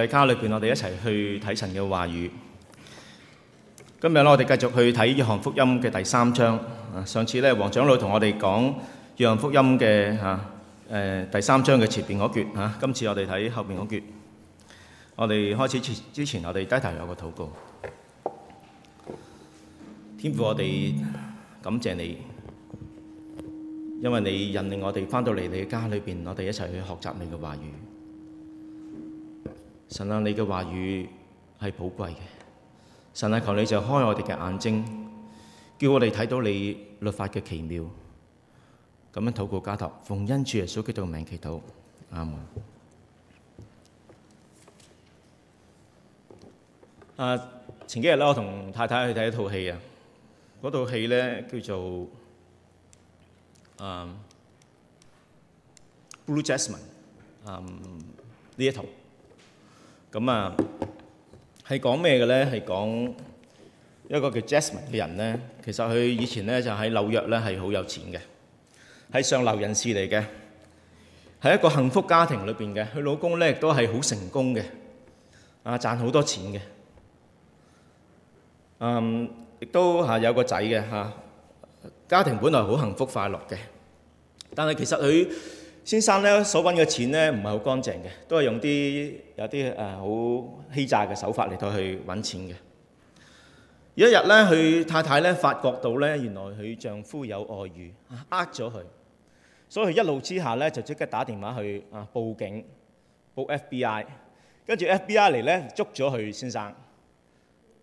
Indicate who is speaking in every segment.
Speaker 1: 喺家裏邊，我哋一齊去睇神嘅話語。今日咧，我哋繼續去睇約翰福音嘅第三章。上次咧，黃長老同我哋講約翰福音嘅吓誒第三章嘅前邊嗰橛吓，今次我哋睇後邊嗰橛。我哋開始之前，我哋低頭有個禱告。天父，我哋感謝你，因為你引領我哋翻到嚟你嘅家裏邊，我哋一齊去學習你嘅話語。神啊，你嘅話語係寶貴嘅。神啊，求你就開我哋嘅眼睛，叫我哋睇到你律法嘅奇妙。咁樣禱告家禱，奉恩主耶穌基督嘅名祈禱，阿門。啊，前幾日咧，我同太太去睇一套戲啊。嗰套戲咧叫做《啊 Blue Jasmine》啊，呢一套。咁啊，係講咩嘅咧？係講一個叫 Jasmine 嘅人咧。其實佢以前咧就喺紐約咧係好有錢嘅，係上流人士嚟嘅，係一個幸福家庭裏邊嘅。佢老公咧亦都係好成功嘅，啊賺好多錢嘅，嗯、啊，亦都嚇有個仔嘅嚇。家庭本來好幸福快樂嘅，但係其實佢，先生咧所揾嘅錢咧唔係好乾淨嘅，都係用啲有啲誒好欺詐嘅手法嚟到去揾錢嘅。有一日咧，佢太太咧發覺到咧，原來佢丈夫有外遇，呃咗佢，所以佢一怒之下咧就即刻打電話去啊報警，報 FBI，跟住 FBI 嚟咧捉咗佢先生。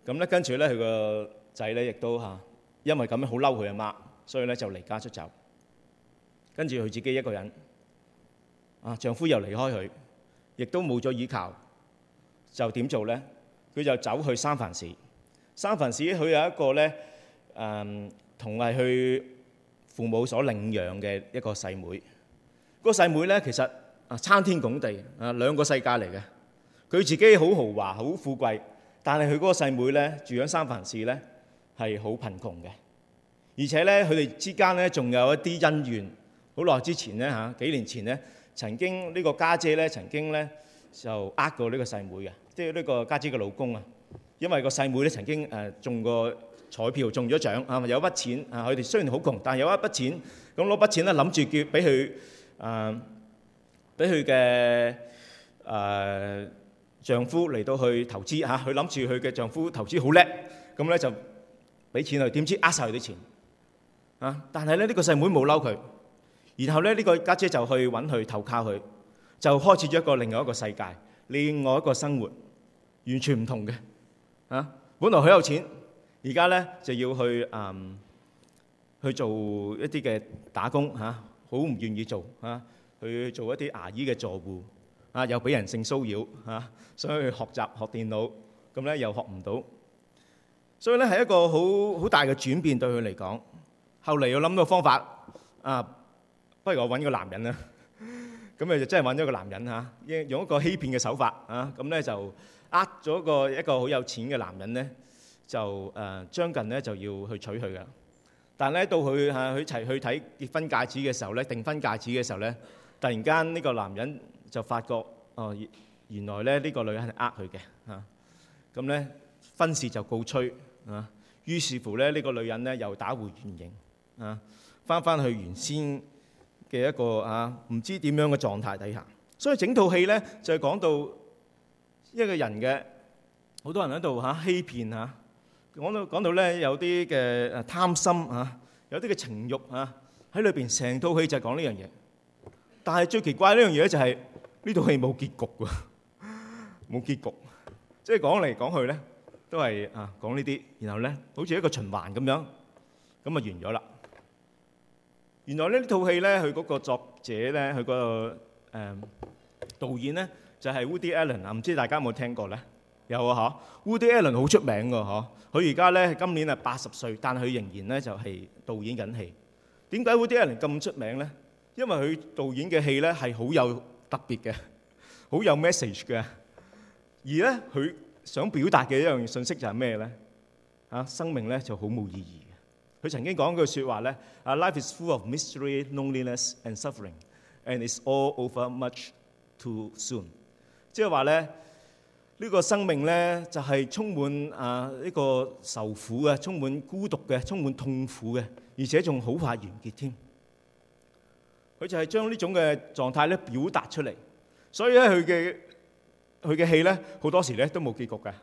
Speaker 1: 咁咧跟住咧佢個仔咧亦都嚇，因為咁樣好嬲佢阿媽，所以咧就離家出走，跟住佢自己一個人。啊！丈夫又離開佢，亦都冇咗依靠，就點做咧？佢就走去三藩市。三藩市佢有一個咧，誒同係佢父母所領養嘅一個細妹，妹。嗰、嗰個細妹咧，其實啊，參天拱地啊，兩個世界嚟嘅。佢自己好豪華、好富貴，但係佢嗰個細妹咧住喺三藩市咧係好貧窮嘅。而且咧，佢哋之間咧仲有一啲恩怨。好耐之前咧嚇，幾年前咧。曾經呢個家姐咧，曾經咧就呃過呢個細妹啊，即係呢個家姐嘅老公啊。因為個細妹咧曾經誒中過彩票中咗獎啊，有一筆錢啊。佢哋雖然好窮，但係有一筆錢咁攞筆錢咧，諗住叫俾佢誒，俾佢嘅誒丈夫嚟到去投資嚇。佢諗住佢嘅丈夫投資好叻，咁咧就俾錢佢。點知呃曬佢啲錢啊。但係咧，呢個細妹冇嬲佢。然後咧，呢個家姐就去揾佢，投靠佢，就開始咗一個另外一個世界，另外一個生活，完全唔同嘅嚇。本來好有錢，而家咧就要去嗯去做一啲嘅打工嚇，好唔願意做嚇，去做一啲牙醫嘅助護啊，又俾人性騷擾嚇，想去學習學電腦，咁咧又學唔到，所以咧係一個好好大嘅轉變對佢嚟講。後嚟又諗到方法啊～不如我揾個男人啦，咁 誒就真係揾咗個男人嚇、啊，用一個欺騙嘅手法啊，咁咧就呃咗個一個好有錢嘅男人咧，就誒將、呃、近咧就要去娶佢噶。但係咧到佢嚇佢一齊去睇結婚戒指嘅時候咧，訂婚戒指嘅時候咧，突然間呢個男人就發覺哦，原來咧呢、這個女人係呃佢嘅嚇，咁、啊、咧婚事就告吹啊。於是乎咧呢、這個女人咧又打回原形啊，翻返去原先。嘅一個啊，唔知點樣嘅狀態底下，所以整套戲咧就係講到一個人嘅，好多人喺度吓欺騙啊，講到講到咧有啲嘅誒貪心啊，有啲嘅情慾啊，喺裏邊成套戲就係講呢樣嘢。但係最奇怪呢樣嘢咧就係呢套戲冇結局㗎，冇結局，即係講嚟講去咧都係啊講呢啲，然後咧好似一個循環咁樣，咁啊完咗啦。原來呢呢套戲呢，佢嗰個作者呢，佢個誒導演呢，就係 Woody Allen 啊，唔知大家有冇聽過呢？有啊，Woody Allen 好出名㗎，嚇！佢而家呢今年係八十歲，但係佢仍然呢就係導演緊戲。點解 Woody Allen 咁出名呢？因為佢導演嘅戲呢係好有特別嘅，好有 message 嘅。而呢佢想表達嘅一樣信息就係咩呢？嚇，生命呢就好冇意義。佢曾經講一句説話咧，啊，Life is full of mystery, loneliness and suffering, and it's all over much too soon。即係話咧，呢個生命咧就係充滿啊呢個受苦嘅，充滿孤獨嘅，充滿痛苦嘅，而且仲好快完結添。佢就係將呢種嘅狀態咧表達出嚟，所以咧佢嘅佢嘅戲咧好多時咧都冇結局嘅。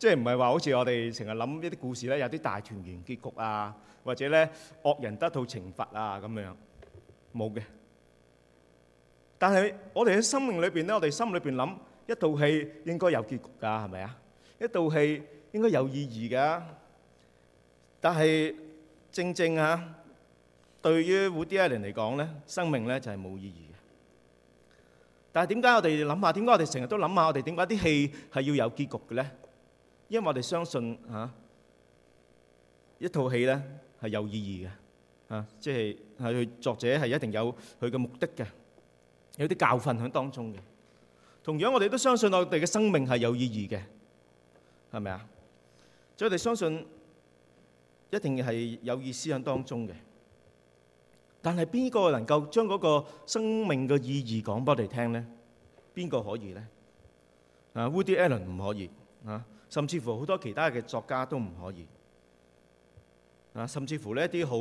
Speaker 1: 即係唔係話好似我哋成日諗呢啲故事咧，有啲大團圓結局啊，或者咧惡人得到懲罰啊咁樣，冇嘅。但係我哋喺生命裏邊咧，我哋心裏邊諗，一套戲應該有結局㗎，係咪啊？一套戲應該有意義㗎。但係正正啊，對於 Woody Allen 嚟講咧，生命咧就係冇意義嘅。但係點解我哋諗下？點解我哋成日都諗下？我哋點解啲戲係要有結局嘅咧？因為我哋相信嚇一套戲咧係有意義嘅嚇，即係係佢作者係一定有佢嘅目的嘅，有啲教訓喺當中嘅。同樣，我哋都相信我哋嘅生命係有意義嘅，係咪啊？即係所以我哋相信一定係有意思喺當中嘅。但係邊個能夠將嗰個生命嘅意義講俾我哋聽咧？邊個可以咧？啊，Woody Allen 唔可以啊。甚至乎好多其他嘅作家都唔可以啊，甚至乎呢一啲好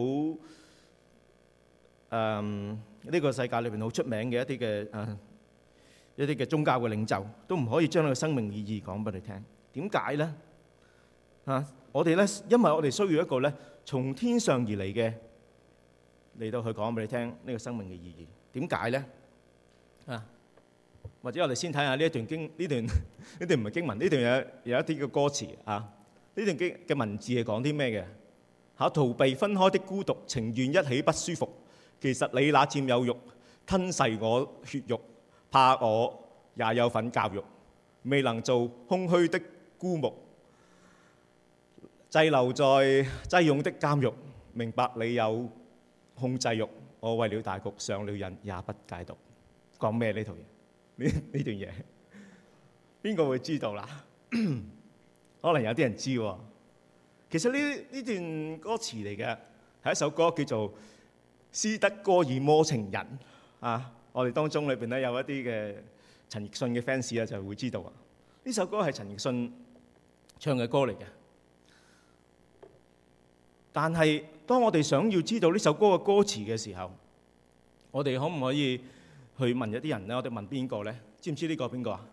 Speaker 1: 誒呢個世界裏邊好出名嘅一啲嘅誒一啲嘅宗教嘅領袖都唔可以將呢個生命意義講俾你聽。點解咧？啊，我哋咧，因為我哋需要一個咧從天上而嚟嘅嚟到去講俾你聽呢個生命嘅意義。點解咧？啊？或者我哋先睇下呢一段經，呢段呢段唔係經文，呢段有有一啲嘅歌詞啊。呢段經嘅文字係講啲咩嘅？逃避分開的孤獨，情願一起不舒服。其實你那佔有慾吞噬我血肉，怕我也有份教育，未能做空虛的孤木，滯留在擠擁的監獄。明白你有控制欲，我為了大局上了癮也不戒毒。講咩呢套嘢？這呢呢段嘢，邊個會知道啦？可能有啲人知喎。其實呢呢段歌詞嚟嘅係一首歌，叫做《斯德哥爾摩情人》啊。我哋當中裏邊咧有一啲嘅陳奕迅嘅 fans 啊，就會知道啊。呢首歌係陳奕迅唱嘅歌嚟嘅。但係當我哋想要知道呢首歌嘅歌詞嘅時候，我哋可唔可以去問一啲人咧，我哋問邊個咧？知唔知呢個邊個啊？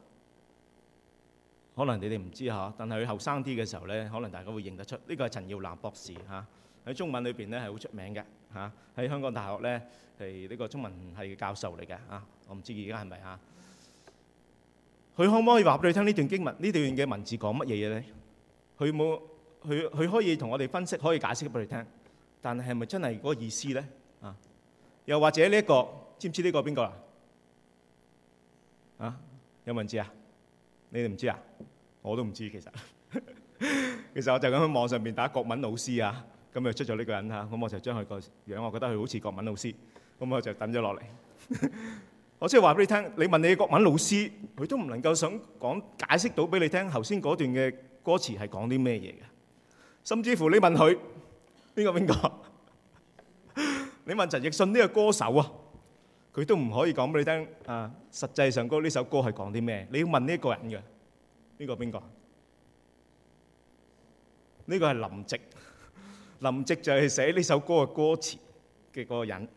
Speaker 1: 可能你哋唔知嚇，但係佢後生啲嘅時候咧，可能大家會認得出。呢個係陳耀南博士嚇，喺中文裏邊咧係好出名嘅嚇。喺香港大學咧係呢個中文系嘅教授嚟嘅嚇。我唔知而家係咪嚇。佢可唔可以話俾你聽呢段經文？呢段嘅文字講乜嘢嘢咧？佢冇，佢佢可以同我哋分析，可以解釋俾你聽，但係係咪真係嗰個意思咧？啊！又或者呢一個，知唔知呢個邊個啊？啊，有冇人知啊？你哋唔知啊？我都唔知其實， 其實我就咁喺網上面打國文老師啊，咁就出咗呢個人嚇，咁我就將佢個樣，我覺得佢好似國文老師，咁我就等咗落嚟。 我先話俾你聽，你問你嘅國文老師，佢都唔能夠想講解釋到俾你聽，頭先嗰段嘅歌詞係講啲咩嘢嘅，甚至乎你問佢邊個邊個，誰誰 你問陳奕迅呢個歌手啊？佢都唔可以講俾你聽啊！實際上呢首歌係講啲咩？你要問呢一個人嘅，呢個邊個？呢個係林夕。林夕就係寫呢首歌嘅歌詞嘅個人。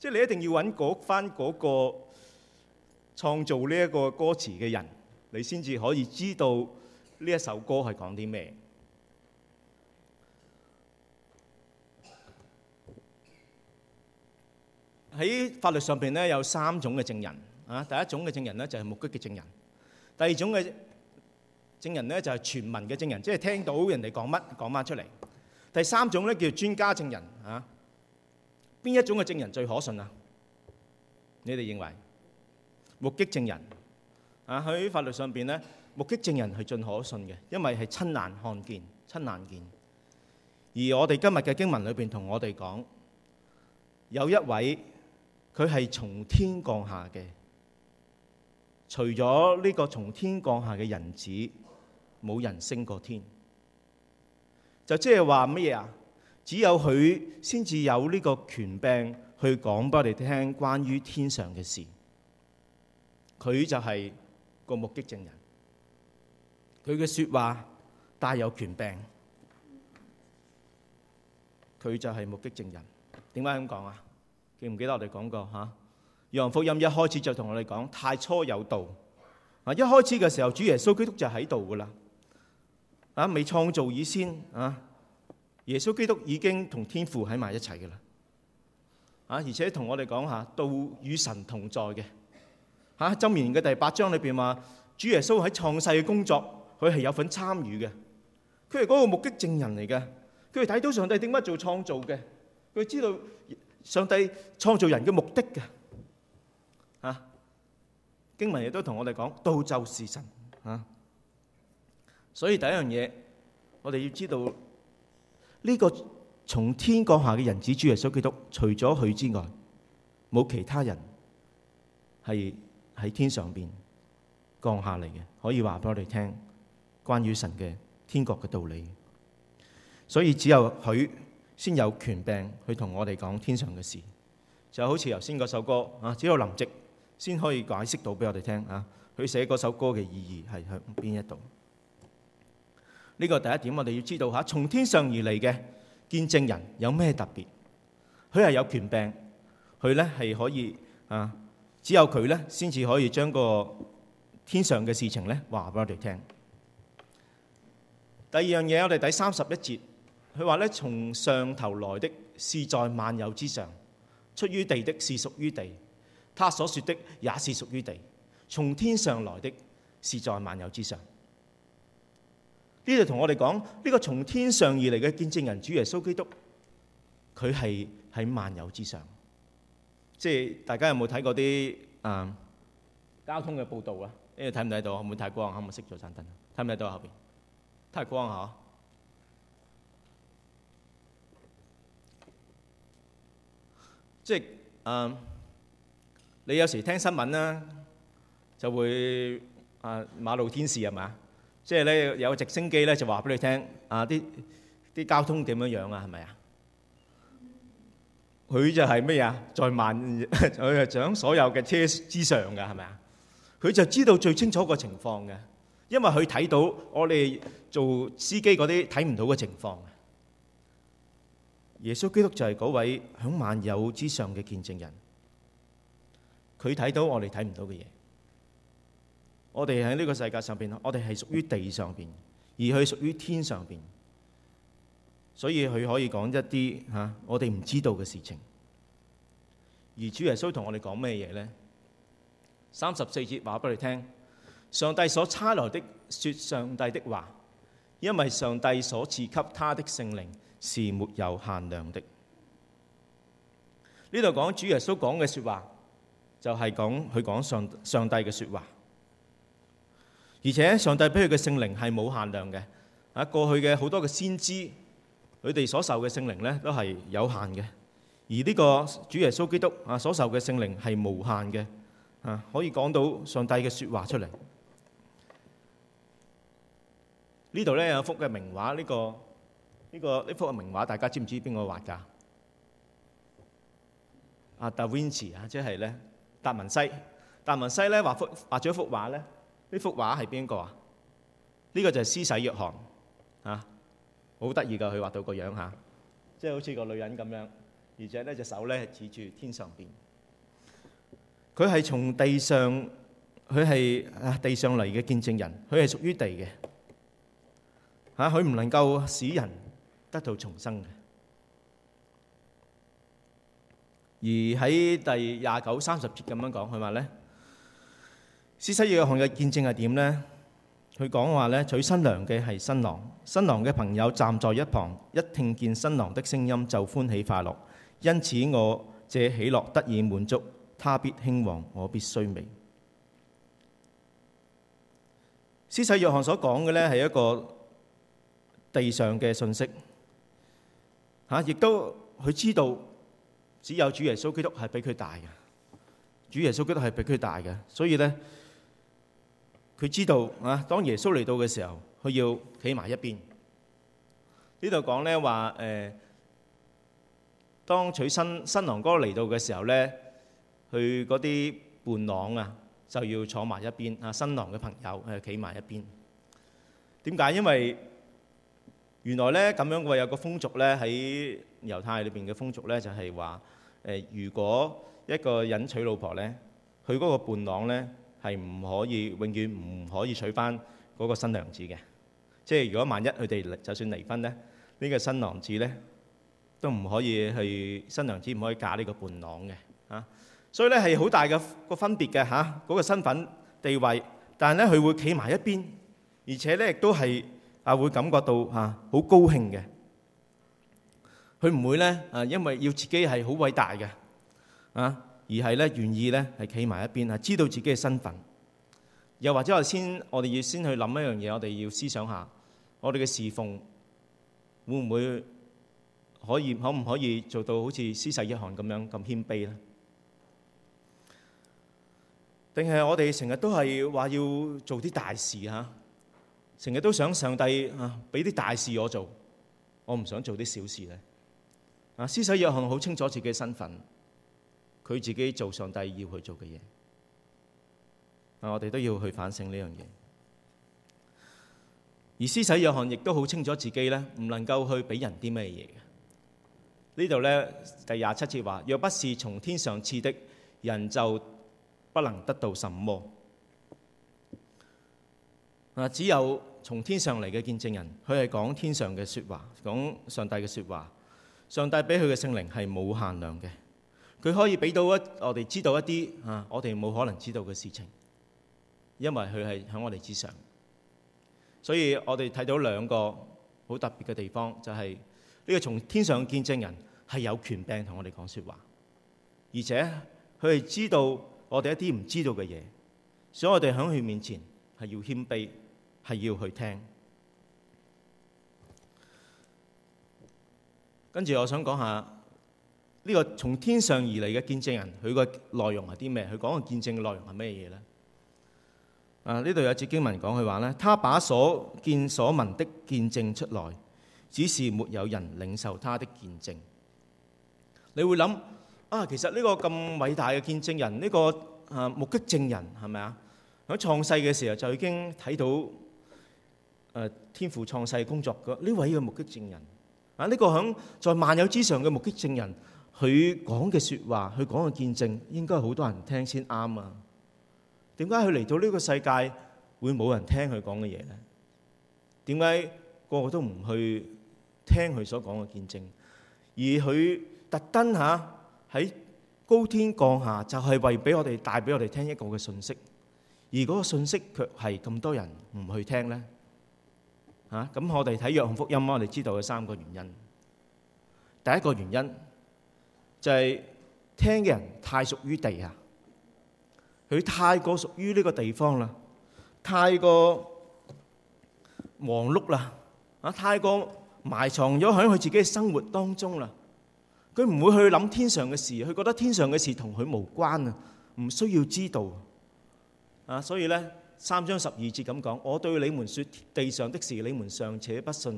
Speaker 1: 即係你一定要揾返嗰個創造呢一個歌詞嘅人，你先至可以知道呢一首歌係講啲咩。喺法律上邊咧有三種嘅證人啊，第一種嘅證人咧就係目擊嘅證人，第二種嘅證人咧就係傳聞嘅證人，即係聽到人哋講乜講翻出嚟。第三種咧叫專家證人啊。邊一種嘅證人最可信啊？你哋認為目擊證人啊？喺法律上邊咧，目擊證人係最可信嘅，因為係親眼看見、親眼見。而我哋今日嘅經文裏邊同我哋講有一位。佢係從天降下嘅，除咗呢個從天降下嘅人子，冇人升過天。就即係話乜嘢啊？只有佢先至有呢個權柄去講俾我哋聽關於天上嘅事。佢就係個目擊證人，佢嘅說話帶有權柄，佢就係目擊證人。點解咁講啊？記唔記得我哋講過吓？《約翰福音》一開始就同我哋講，太初有道啊。一開始嘅時候，主耶穌基督就喺度噶啦啊。未創造以先。啊，耶穌基督已經同天父喺埋一齊噶啦啊。而且同我哋講下，道與神同在嘅吓。《箴言》嘅第八章裏邊話，主耶穌喺創世嘅工作，佢係有份參與嘅。佢係嗰個目擊證人嚟嘅，佢係睇到上帝點解做創造嘅，佢知道。上帝創造人嘅目的嘅，啊經文亦都同我哋講，道就是神啊。所以第一樣嘢，我哋要知道呢個從天降下嘅人子主耶穌基督，除咗佢之外，冇其他人係喺天上邊降下嚟嘅，可以話俾我哋聽關於神嘅天國嘅道理。所以只有佢。先有權柄去同我哋講天上嘅事，就好似頭先嗰首歌啊，只有林夕先可以解釋到俾我哋聽啊，佢寫嗰首歌嘅意義係向邊一度？呢個第一點，我哋要知道吓，從天上而嚟嘅見證人有咩特別？佢係有權柄，佢咧係可以啊，只有佢咧先至可以將個天上嘅事情咧話俾我哋聽。第二樣嘢，我哋第三十一節。佢話咧：從上頭來的，是在萬有之上；出於地的，是屬於地。他所說的，也是屬於地。從天上來的，是在萬有之上。呢度同我哋講，呢個從天上而嚟嘅見證人主耶穌基督，佢係喺萬有之上。即係大家有冇睇過啲誒、嗯、交通嘅報道啊？誒睇唔睇到啊？唔好太光，可唔可熄咗盞燈？睇唔睇到後邊？太光啊！即係誒、嗯、你有時聽新聞啦，就會啊馬路天使係嘛？即係咧，有個直升機咧，就話俾你聽啊，啲啲交通點樣樣啊，係咪啊？佢就係咩啊？在萬佢係掌所有嘅車之上嘅，係咪啊？佢就知道最清楚個情況嘅，因為佢睇到我哋做司機啲睇唔到嘅情況。耶穌基督就係嗰位響萬有之上嘅見證人，佢睇到我哋睇唔到嘅嘢。我哋喺呢個世界上邊，我哋係屬於地上邊，而佢屬於天上邊，所以佢可以講一啲吓、啊、我哋唔知道嘅事情。而主耶穌同我哋講咩嘢咧？三十四節話俾你聽，上帝所差來的說上帝的話，因為上帝所賜給他的聖靈。是沒有限量的。呢度講主耶穌講嘅説話，就係講佢講上上帝嘅説話。而且上帝俾佢嘅聖靈係冇限量嘅。啊，過去嘅好多嘅先知，佢哋所受嘅聖靈咧都係有限嘅。而呢個主耶穌基督啊所受嘅聖靈係無限嘅。啊，可以講到上帝嘅説話出嚟。呢度咧有幅嘅名畫，呢個。呢、呢個呢幅名畫，大家知唔知邊個畫㗎？阿達文士啊，即係咧達文西。達文西咧畫幅畫咗一幅畫咧，呢幅畫係邊個啊？呢個就係施洗約翰啊，好得意㗎！佢畫到個樣嚇，即係好似個女人咁樣，而且呢隻手咧係指住天上邊。佢係從地上，佢係啊地上嚟嘅見證人，佢係屬於地嘅嚇，佢唔能夠使人。得到重生嘅。而喺第廿九、三十節咁樣講，佢話呢：「施洗約翰嘅見證係點呢？」佢講話呢：「娶新娘嘅係新郎，新郎嘅朋友站在一旁，一聽見新郎的聲音就歡喜快樂，因此我這喜樂得以滿足，他必興旺，我必衰微。」施洗約翰所講嘅呢係一個地上嘅信息。嚇、啊！亦都佢知道，只有主耶穌基督係比佢大嘅。主耶穌基督係比佢大嘅，所以咧，佢知道嚇、啊。當耶穌嚟到嘅時候，佢要企埋一邊。呢度講咧話誒，當娶新新郎哥嚟到嘅時候咧，佢嗰啲伴郎啊就要坐埋一邊。啊，新郎嘅朋友誒、啊，企埋一邊。點解？因為原來咧，咁樣嘅有個風俗咧，喺猶太裏邊嘅風俗咧就係話誒，如果一個人娶老婆咧，佢嗰個伴郎咧係唔可以永遠唔可以娶翻嗰個新娘子嘅。即係如果萬一佢哋就算離婚咧，這個、郎呢個新娘子咧都唔可以去新娘子唔可以嫁呢個伴郎嘅啊。所以咧係好大嘅個分別嘅嚇，嗰、啊那個身份地位，但係咧佢會企埋一邊，而且咧亦都係。啊！會感覺到嚇好、啊、高興嘅，佢唔會咧啊！因為要自己係好偉大嘅啊，而係咧願意咧係企埋一邊啊，知道自己嘅身份。又或者我先，我哋要先去諗一樣嘢，我哋要思想下，我哋嘅侍奉會唔會可以可唔可以做到好似施洗約翰咁樣咁謙卑咧？定係我哋成日都係話要做啲大事嚇？啊成日都想上帝啊，俾啲大事我做，我唔想做啲小事咧。啊，施洗約翰好清楚自己身份，佢自己做上帝要去做嘅嘢。啊，我哋都要去反省呢樣嘢。而施洗約翰亦都好清楚自己咧，唔能夠去俾人啲咩嘢嘅。呢度咧，第廿七節話：若不是從天上賜的，人就不能得到什麼。啊，只有從天上嚟嘅見證人，佢係講天上嘅説話，講上帝嘅説話。上帝俾佢嘅聖靈係冇限量嘅，佢可以俾到一我哋知道一啲啊，我哋冇可能知道嘅事情，因為佢係喺我哋之上。所以我哋睇到兩個好特別嘅地方，就係呢個從天上見證人係有權柄同我哋講説話，而且佢係知道我哋一啲唔知道嘅嘢，所以我哋喺佢面前係要謙卑。係要去聽，跟住我想講下呢個從天上而嚟嘅見證人，佢個內容係啲咩？佢講嘅見證內容係咩嘢咧？啊，呢度有一節經文講佢話咧，他把所見所聞的見證出來，只是沒有人領受他的見證。你會諗啊，其實呢個咁偉大嘅見證人，呢個啊目擊證人係咪啊？喺創世嘅時候就已經睇到。誒天父創世工作嘅呢位嘅目擊證人啊，呢個響在萬有之上嘅目擊證人，佢講嘅説話，佢講嘅見證，應該好多人聽先啱啊！點解佢嚟到呢個世界會冇人聽佢講嘅嘢咧？點解個個都唔去聽佢所講嘅見證？而佢特登嚇喺高天降下，就係為俾我哋帶俾我哋聽一個嘅信息，而嗰個信息卻係咁多人唔去聽咧？嚇！咁我哋睇約翰福音啊，我哋知道有三個原因。第一個原因就係聽嘅人太屬於地啊，佢太過屬於呢個地方啦，太過忙碌啦，啊，太過埋藏咗喺佢自己嘅生活當中啦。佢唔會去諗天上嘅事，佢覺得天上嘅事同佢無關啊，唔需要知道。啊，所以咧。三章十二節咁講，我對你們説地上的事，你們尚且不信；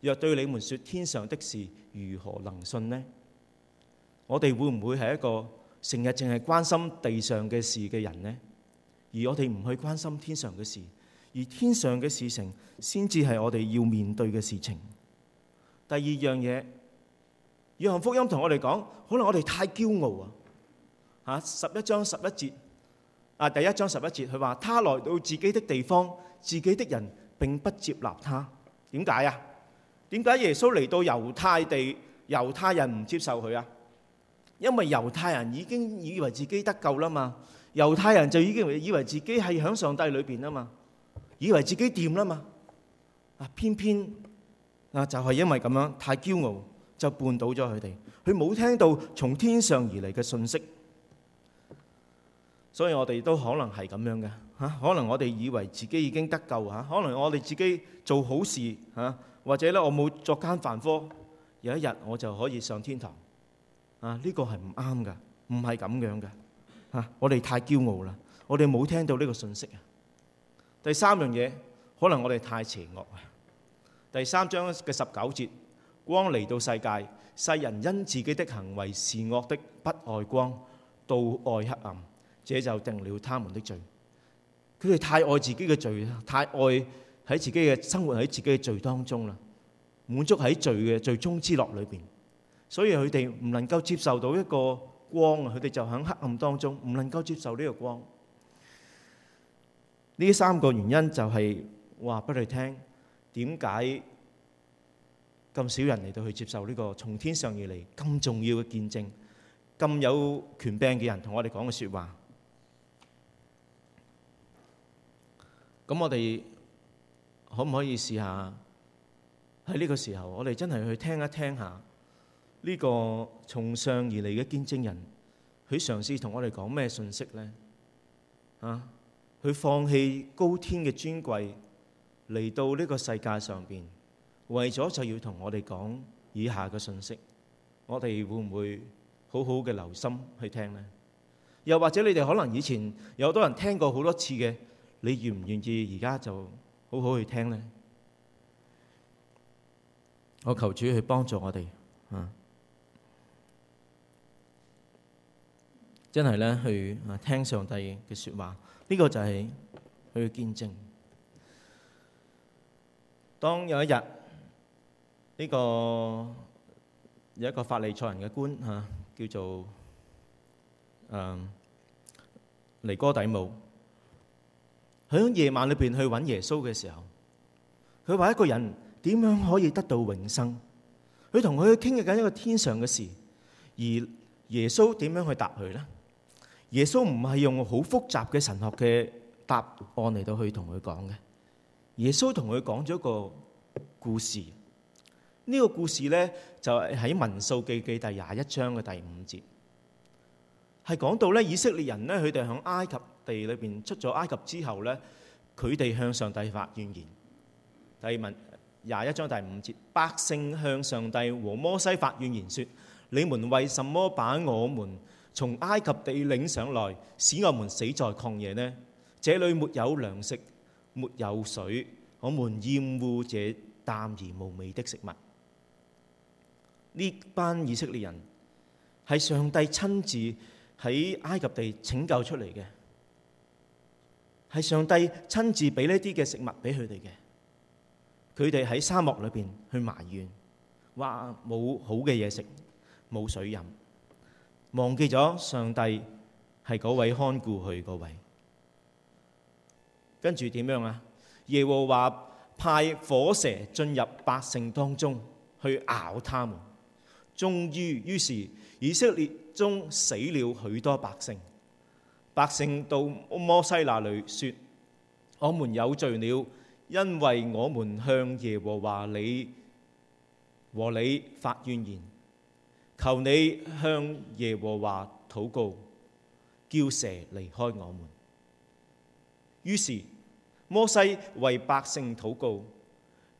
Speaker 1: 若對你們説天上的事，如何能信呢？我哋會唔會係一個成日淨係關心地上嘅事嘅人呢？而我哋唔去關心天上嘅事，而天上嘅事情先至係我哋要面對嘅事情。第二樣嘢，約翰福音同我哋講，可能我哋太驕傲啊！嚇，十一章十一節。啊！第一章十一節，佢話：他來到自己的地方，自己的人並不接納他。點解呀？點解耶穌嚟到猶太地，猶太人唔接受佢啊？因為猶太人已經以為自己得救啦嘛，猶太人就已經以為自己係響上帝裏邊啦嘛，以為自己掂啦嘛。啊，偏偏啊，就係、是、因為咁樣太驕傲，就絆倒咗佢哋。佢冇聽到從天上而嚟嘅信息。所以我哋都可能係咁樣嘅嚇，可能我哋以為自己已經得救嚇，可能我哋自己做好事嚇，或者咧，我冇作奸犯科，有一日我就可以上天堂啊？呢個係唔啱嘅，唔係咁樣嘅嚇。我哋太驕傲啦，我哋冇聽到呢個信息啊。第三樣嘢，可能我哋太邪惡啊。第三章嘅十九節，光嚟到世界，世人因自己的行為是惡的，不愛光，倒愛黑暗。這就定了他們的罪。佢哋太愛自己嘅罪啦，太愛喺自己嘅生活喺自己嘅罪當中啦，滿足喺罪嘅罪中之樂裏邊，所以佢哋唔能夠接受到一個光，佢哋就喺黑暗當中，唔能夠接受呢個光。呢三個原因就係話畀你聽，點解咁少人嚟到去接受呢個從天上而嚟咁重要嘅見證，咁有權柄嘅人同我哋講嘅説話。咁我哋可唔可以試下喺呢個時候，我哋真係去聽一聽下呢個從上而嚟嘅見證人，佢嘗試同我哋講咩信息呢？啊，佢放棄高天嘅尊貴嚟到呢個世界上面，為咗就要同我哋講以下嘅信息，我哋會唔會好好嘅留心去聽呢？又或者你哋可能以前有多人聽過好多次嘅？你願唔願意而家就好好去聽呢？我求主去幫助我哋，嗯、啊，真係呢。去聽上帝嘅說話，呢、這個就係去見證。當有一日呢、這個有一個法利賽人嘅官，啊、叫做誒，啊、尼哥底母。佢喺夜晚裏邊去揾耶穌嘅時候，佢話一個人點樣可以得到永生？佢同佢傾偈緊一個天上嘅事，而耶穌點樣去答佢咧？耶穌唔係用好複雜嘅神學嘅答案嚟到去同佢講嘅。耶穌同佢講咗一個故事。呢個故事咧就係喺民數記記第廿一章嘅第五節，係講到咧以色列人咧佢哋喺埃及。地裏邊出咗埃及之後呢，佢哋向上帝發怨言。第二文廿一章第五節，百姓向上帝和摩西發怨言，說：你們為什麼把我們從埃及地領上來，使我們死在曠野呢？這裡沒有糧食，沒有水，我們厭惡這淡而無味的食物。呢班以色列人係上帝親自喺埃及地拯救出嚟嘅。係上帝親自俾呢啲嘅食物俾佢哋嘅，佢哋喺沙漠裏邊去埋怨，話冇好嘅嘢食，冇水飲，忘記咗上帝係嗰位看顧佢嗰位。跟住點樣啊？耶和華派火蛇進入百姓當中去咬他們，終於於是以色列中死了許多百姓。百姓到摩西那裏說：我們有罪了，因為我們向耶和華你和你發怨言，求你向耶和華禱告，叫蛇離開我們。於是摩西為百姓禱告，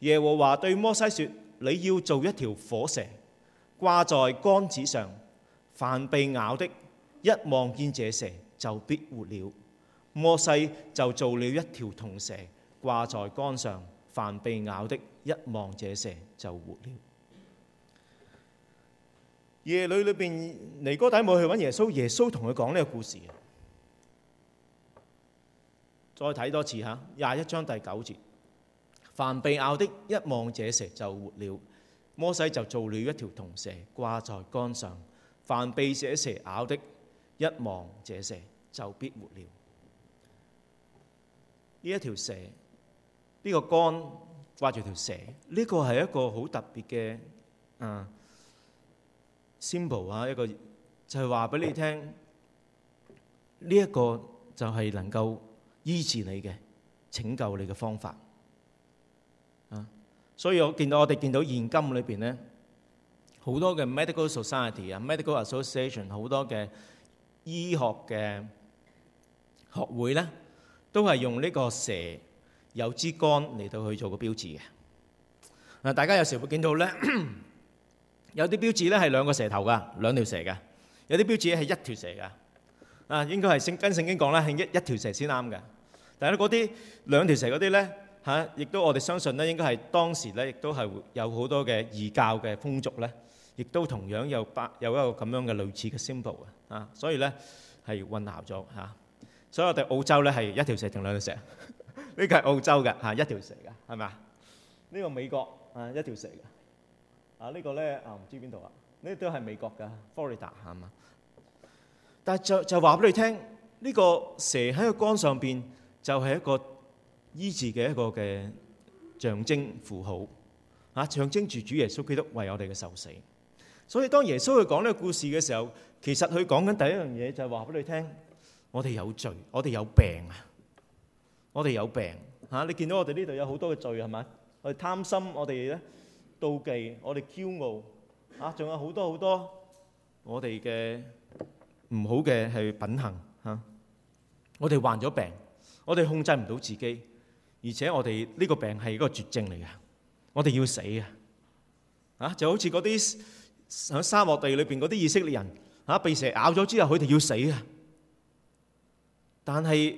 Speaker 1: 耶和華對摩西說：你要做一條火蛇，掛在杆子上，凡被咬的，一望見這蛇，就必活了。摩西就做了一條銅蛇掛在杆上，凡被咬的，一望這蛇就活了。夜裏裏邊尼哥底母去揾耶穌，耶穌同佢講呢個故事。再睇多次吓，廿一章第九節：凡被咬的，一望這蛇就活了。摩西就做了一條銅蛇掛在杆上，凡被這蛇咬的。一望這蛇就必活了。呢一條蛇，呢、這個竿掛住條蛇，呢、這個係一個好特別嘅啊，symbol 啊，一個就係話俾你聽，呢、這、一個就係能夠醫治你嘅拯救你嘅方法，啊，所以我見到我哋見到現今裏邊咧，好多嘅 medical society 啊，medical association 好多嘅，醫學嘅學會咧，都係用呢個蛇有枝幹嚟到去做個標誌嘅。嗱，大家有時會見到咧，有啲標誌咧係兩個蛇頭噶，兩條蛇嘅；有啲標誌係一條蛇嘅。啊，應該係聖跟聖經講咧係一一條蛇先啱嘅。但係咧，嗰啲兩條蛇嗰啲咧嚇，亦都我哋相信咧應該係當時咧亦都係有好多嘅異教嘅風俗咧。亦都同樣有八有一個咁樣嘅類似嘅 symbol 啊，所以咧係混淆咗嚇。所以我哋澳洲咧係一條蛇定兩條蛇？呢個係澳洲嘅嚇，一條蛇嘅係咪啊？呢個美國啊，一條蛇嘅啊。呢個咧啊，唔知邊度啊？呢都係美國嘅 Florida 係嘛？但係就，就話俾你聽，呢個蛇喺個竿上邊就係一個醫治嘅一個嘅象徵符號啊，象徵住主耶穌基督為我哋嘅受死。所以當耶穌去講呢個故事嘅時候，其實佢講緊第一樣嘢就係話俾你聽：我哋有罪，我哋有病啊！我哋有病吓、啊，你見到我哋呢度有好多嘅罪係咪？我哋貪心，我哋咧妒忌，我哋驕傲吓，仲、啊、有好多好多我哋嘅唔好嘅係品行吓、啊。我哋患咗病，我哋控制唔到自己，而且我哋呢個病係一個絕症嚟嘅，我哋要死啊！啊就好似嗰啲。喺沙漠地裏邊嗰啲以色列人啊，被蛇咬咗之後，佢哋要死啊！但係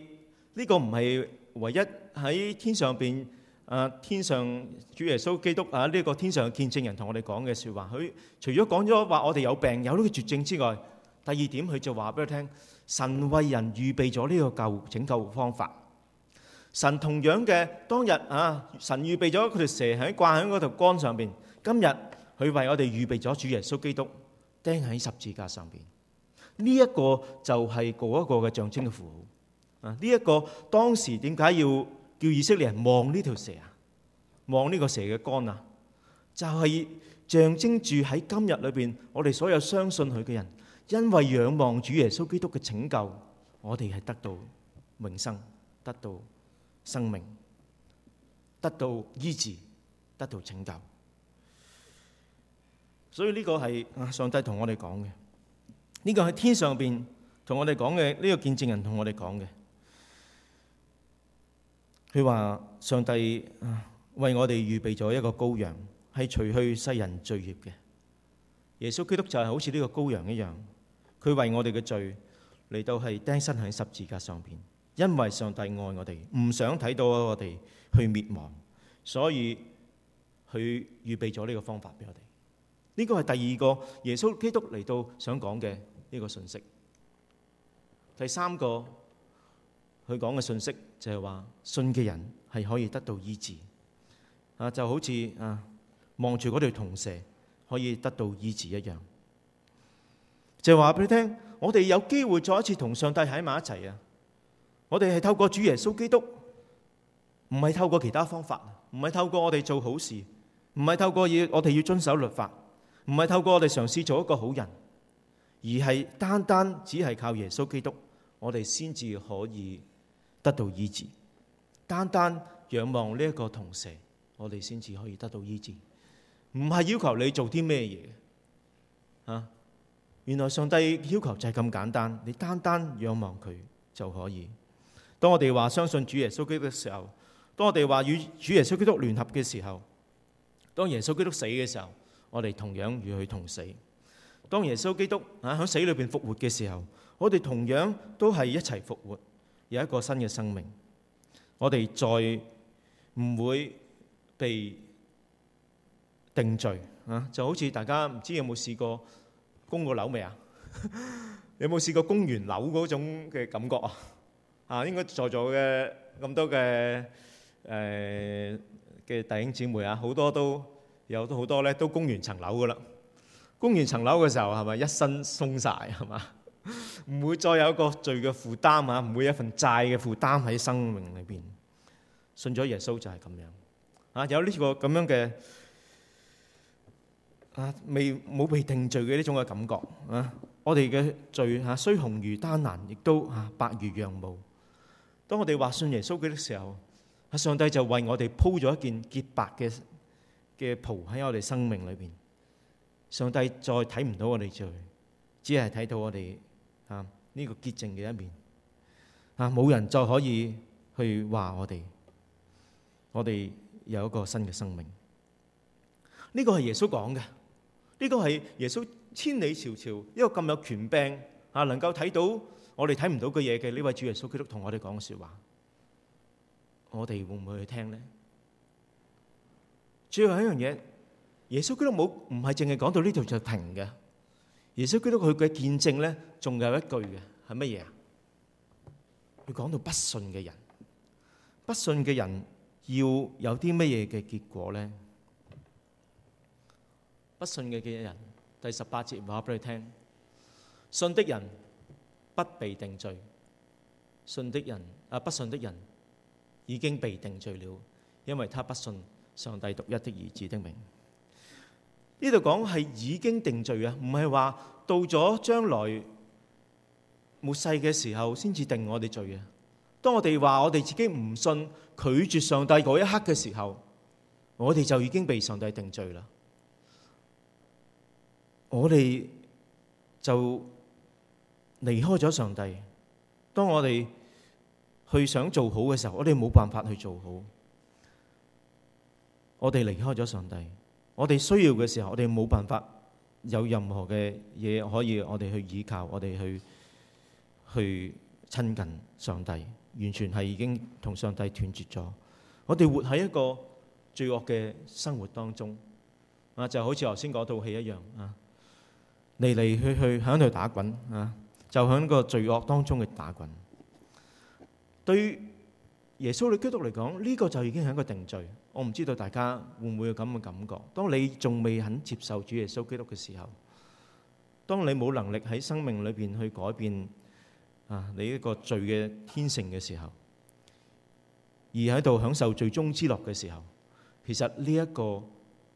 Speaker 1: 呢個唔係唯一喺天上邊誒，天上主耶穌基督啊，呢個天上見證人同我哋講嘅說話。佢除咗講咗話我哋有病有呢個絕症之外，第二點佢就話俾我聽，神為人預備咗呢個救拯救方法。神同樣嘅當日啊，神預備咗佢條蛇喺掛喺嗰條杆上邊，今日。佢為我哋預備咗主耶穌基督釘喺十字架上邊，呢一個就係嗰一個嘅象徵嘅符號。啊，呢一個當時點解要叫以色列人望呢條蛇啊，望呢個蛇嘅肝啊？就係象徵住喺今日裏邊，我哋所有相信佢嘅人，因為仰望主耶穌基督嘅拯救，我哋係得到永生，得到生命，得到醫治，得到拯救。所以呢個係上帝同我哋講嘅，呢個喺天上邊同我哋講嘅，呢個見證人同我哋講嘅。佢話上帝為我哋預備咗一個羔羊，係除去世人罪孽嘅。耶穌基督就係好似呢個羔羊一樣，佢為我哋嘅罪嚟到係釘身喺十字架上邊，因為上帝愛我哋，唔想睇到我哋去滅亡，所以佢預備咗呢個方法俾我哋。呢個係第二個耶穌基督嚟到想講嘅呢個信息。第三個佢講嘅信息就係話信嘅人係可以得到醫治，啊就好似啊望住嗰條銅蛇可以得到醫治一樣。就係話俾你聽，我哋有機會再一次同上帝喺埋一齊啊！我哋係透過主耶穌基督，唔係透過其他方法，唔係透過我哋做好事，唔係透過要我哋要遵守律法。唔係透過我哋嘗試做一個好人，而係單單只係靠耶穌基督，我哋先至可以得到醫治。單單仰望呢一個銅蛇，我哋先至可以得到醫治。唔係要求你做啲咩嘢，吓、啊！原來上帝要求就係咁簡單，你單單仰望佢就可以。當我哋話相信主耶穌基督嘅時候，當我哋話與主耶穌基督聯合嘅時候，當耶穌基督死嘅時候。我哋同樣與佢同死。當耶穌基督啊喺死裏邊復活嘅時候，我哋同樣都係一齊復活，有一個新嘅生命。我哋再唔會被定罪啊！就好似大家唔知有冇試過供個樓未啊？有冇試過供完樓嗰種嘅感覺啊？啊，應該在座嘅咁多嘅誒嘅弟兄姊妹啊，好多都。有好多咧，都供完層樓噶啦。供完層樓嘅時候，係咪一身鬆晒？係嘛？唔會再有一個罪嘅負擔嚇，唔會有一份債嘅負擔喺生命裏邊。信咗耶穌就係咁樣嚇，有呢個咁樣嘅啊，未冇被定罪嘅呢種嘅感覺啊。我哋嘅罪嚇，雖紅如丹難，亦都嚇白如羊毛。當我哋話信耶穌嘅時候，阿上帝就為我哋鋪咗一件潔白嘅嘅袍喺我哋生命裏邊，上帝再睇唔到我哋罪，只係睇到我哋啊呢個潔淨嘅一面啊，冇人再可以去話我哋，我哋有一個新嘅生命。呢個係耶穌講嘅，呢個係耶穌千里迢迢一個咁有權柄啊，能夠睇到我哋睇唔到嘅嘢嘅呢位主耶穌基督同我哋講嘅說話，我哋會唔會去聽呢？最後一樣嘢，耶穌基督冇唔係淨係講到呢度就停嘅。耶穌基督佢嘅見證咧，仲有一句嘅係乜嘢啊？要講到不信嘅人，不信嘅人要有啲乜嘢嘅結果咧？不信嘅嘅人，第十八節話俾你聽：信的人不被定罪，信的人啊，不信的人已經被定罪了，因為他不信。上帝獨一的兒子的名，呢度講係已經定罪啊，唔係話到咗將來末世嘅時候先至定我哋罪啊。當我哋話我哋自己唔信，拒絕上帝嗰一刻嘅時候，我哋就已經被上帝定罪啦。我哋就離開咗上帝。當我哋去想做好嘅時候，我哋冇辦法去做好。我哋離開咗上帝，我哋需要嘅時候，我哋冇辦法有任何嘅嘢可以我哋去依靠，我哋去去親近上帝，完全係已經同上帝斷絕咗。我哋活喺一個罪惡嘅生活當中啊，就好似頭先嗰套戲一樣啊，嚟嚟去去響度打滾啊，就響個罪惡當中嘅打滾。對於耶穌，你基督嚟講，呢個就已經係一個定罪。我唔知道大家會唔會有咁嘅感覺。當你仲未肯接受主耶穌基督嘅時候，當你冇能力喺生命裏邊去改變啊你一個罪嘅天性嘅時候，而喺度享受罪中之樂嘅時候，其實呢一個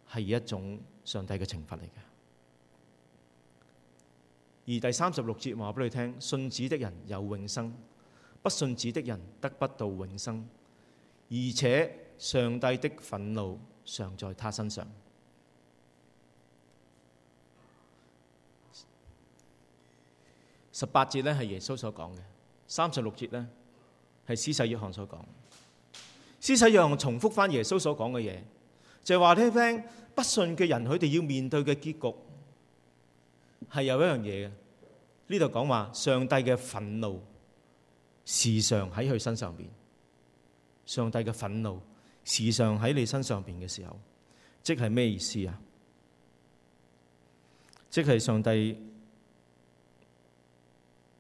Speaker 1: 係一種上帝嘅懲罰嚟嘅。而第三十六節話俾你聽：信子的人有永生。不信子的人得不到永生，而且上帝的憤怒常在他身上。十八節咧係耶穌所講嘅，三十六節咧係施洗約翰所講。施洗約翰重複翻耶穌所講嘅嘢，就係話聽聽不信嘅人佢哋要面對嘅結局係有一樣嘢嘅。呢度講話上帝嘅憤怒。時常喺佢身上邊，上帝嘅憤怒時常喺你身上邊嘅時候，即係咩意思啊？即係上帝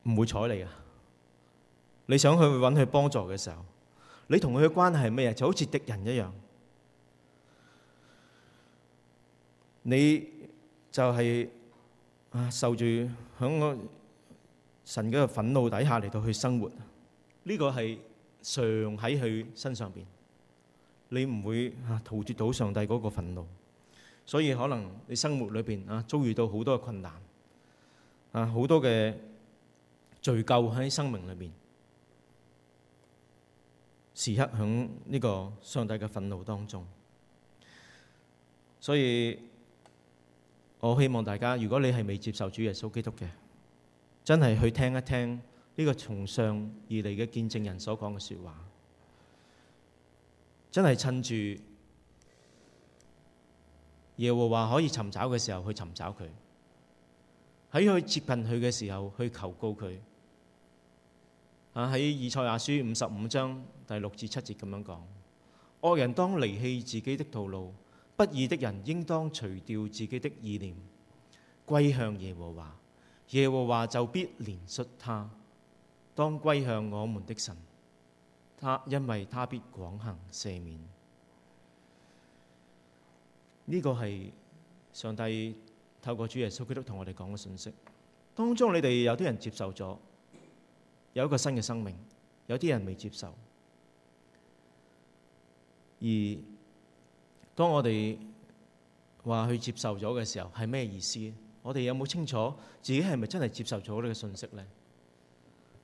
Speaker 1: 唔會睬你啊！你想去揾佢幫助嘅時候，你同佢嘅關係係咩嘢？就好似敵人一樣，你就係啊受住響個神嘅憤怒底下嚟到去生活。呢、個係常喺佢身上邊，你唔會啊逃脫到上帝嗰個憤怒，所以可能你生活裏面啊遭遇到好多嘅困難，啊好多嘅罪咎喺生命裏面，時刻響呢個上帝嘅憤怒當中。所以我希望大家，如果你係未接受主耶穌基督嘅，真係去聽一聽。呢、這個從上而嚟嘅見證人所講嘅説話，真係趁住耶和華可以尋找嘅時候去尋找佢，喺佢接近佢嘅時候去求告佢。啊，喺以賽亞書五十五章第六至七節咁樣講：惡人當離棄自己的道路，不義的人應當除掉自己的意念，歸向耶和華，耶和華就必憐恤他。當歸向我們的神，他因為他必廣行赦免。呢個係上帝透過主耶穌基督同我哋講嘅信息。當中你哋有啲人接受咗，有一個新嘅生命；有啲人未接受。而當我哋話去接受咗嘅時候，係咩意思？我哋有冇清楚自己係咪真係接受咗呢個信息呢？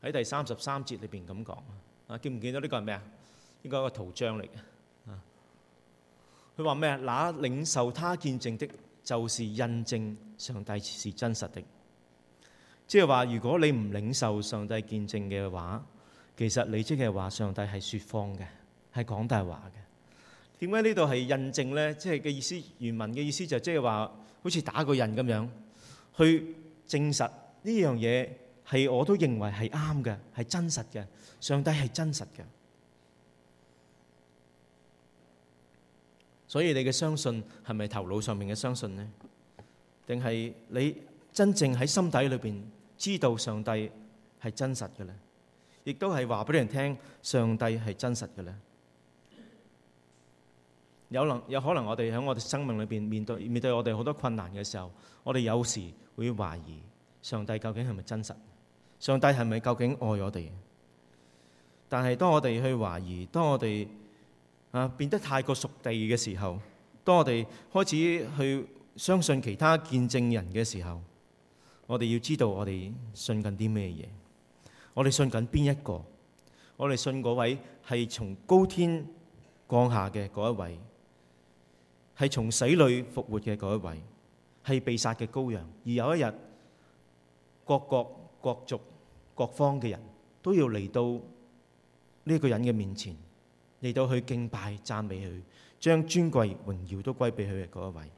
Speaker 1: 喺第三十三節裏邊咁講啊，見唔見到呢個係咩啊？呢、這個是一個圖章嚟嘅啊。佢話咩啊？那領受他見證的，就是印證上帝是真實的。即係話，如果你唔領受上帝見證嘅話，其實你即係話上帝係説謊嘅，係講大話嘅。點解呢度係印證咧？即係嘅意思，原文嘅意思就是、即係話，好似打個印咁樣去證實呢樣嘢。係，我都認為係啱嘅，係真實嘅。上帝係真實嘅，所以你嘅相信係咪頭腦上面嘅相信呢？定係你真正喺心底裏邊知道上帝係真實嘅咧？亦都係話俾你人聽上帝係真實嘅咧？有能，有可能，我哋喺我哋生命裏邊面對面對我哋好多困難嘅時候，我哋有時會懷疑上帝究竟係咪真實？上帝係咪究竟愛我哋？但係當我哋去懷疑，當我哋啊變得太過熟地嘅時候，當我哋開始去相信其他見證人嘅時候，我哋要知道我哋信緊啲咩嘢？我哋信緊邊一個？我哋信嗰位係從高天降下嘅嗰一位，係從死裡復活嘅嗰一位，係被殺嘅羔羊。而有一日，各國各族各方嘅人都要嚟到呢個人嘅面前，嚟到去敬拜讚美佢，將尊貴榮耀都歸俾佢嘅嗰一位。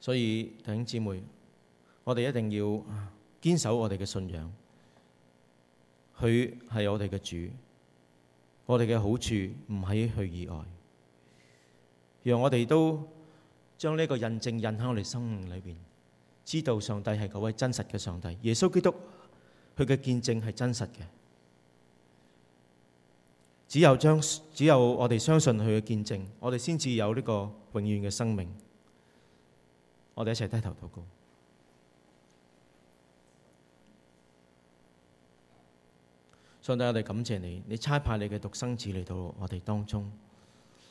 Speaker 1: 所以弟兄姊妹，我哋一定要堅守我哋嘅信仰。佢係我哋嘅主，我哋嘅好處唔喺佢以外，讓我哋都。將呢個印證印喺我哋生命裏邊，知道上帝係嗰位真實嘅上帝，耶穌基督佢嘅見證係真實嘅。只有將只有我哋相信佢嘅見證，我哋先至有呢個永遠嘅生命。我哋一齊低頭禱告。上帝，我哋感謝你，你差派你嘅獨生子嚟到我哋當中，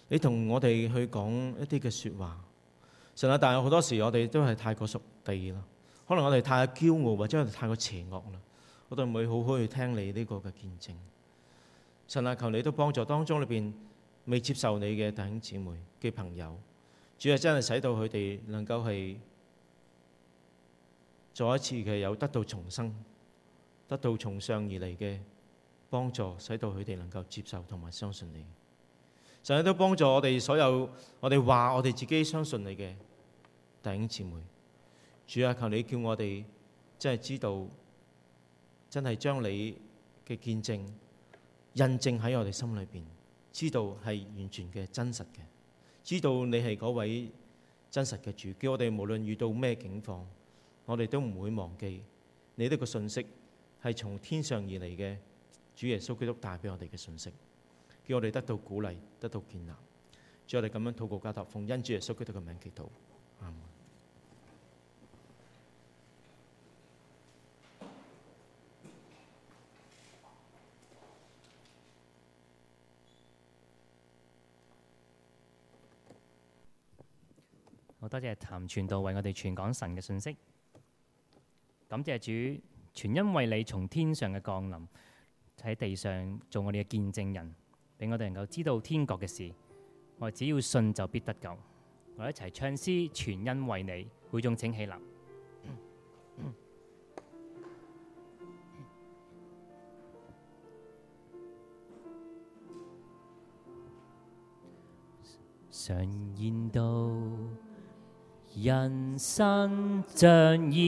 Speaker 1: 你同我哋去講一啲嘅說話。神啊！但有好多時我哋都係太過熟地啦，可能我哋太驕傲或者我哋太過邪惡啦，我哋唔會好好去聽你呢個嘅見證。神啊！求你都幫助當中裏邊未接受你嘅弟兄姊妹嘅朋友，主啊！真係使到佢哋能夠係再一次嘅有得到重生，得到從上而嚟嘅幫助，使到佢哋能夠接受同埋相信你。神啊！都幫助我哋所有我哋話我哋自己相信你嘅。弟兄姊妹，主阿、啊、求你叫我哋真係知道，真係將你嘅見證印證喺我哋心裏邊，知道係完全嘅真實嘅，知道你係嗰位真實嘅主。叫我哋無論遇到咩境況，我哋都唔會忘記你呢個信息係從天上而嚟嘅。主耶穌基督帶俾我哋嘅信息，叫我哋得到鼓勵，得到建立。叫我哋咁樣禱告，交託奉恩主耶穌基督嘅名祈禱。多謝譚傳道為我哋傳講神嘅信息。感謝主，全因為你從天上嘅降臨喺地上做我哋嘅見證人，俾我哋能夠知道天國嘅事。我只要信就必得救。我哋一齊唱詩，全因為你，會眾請起立。常言道。 人生像煙。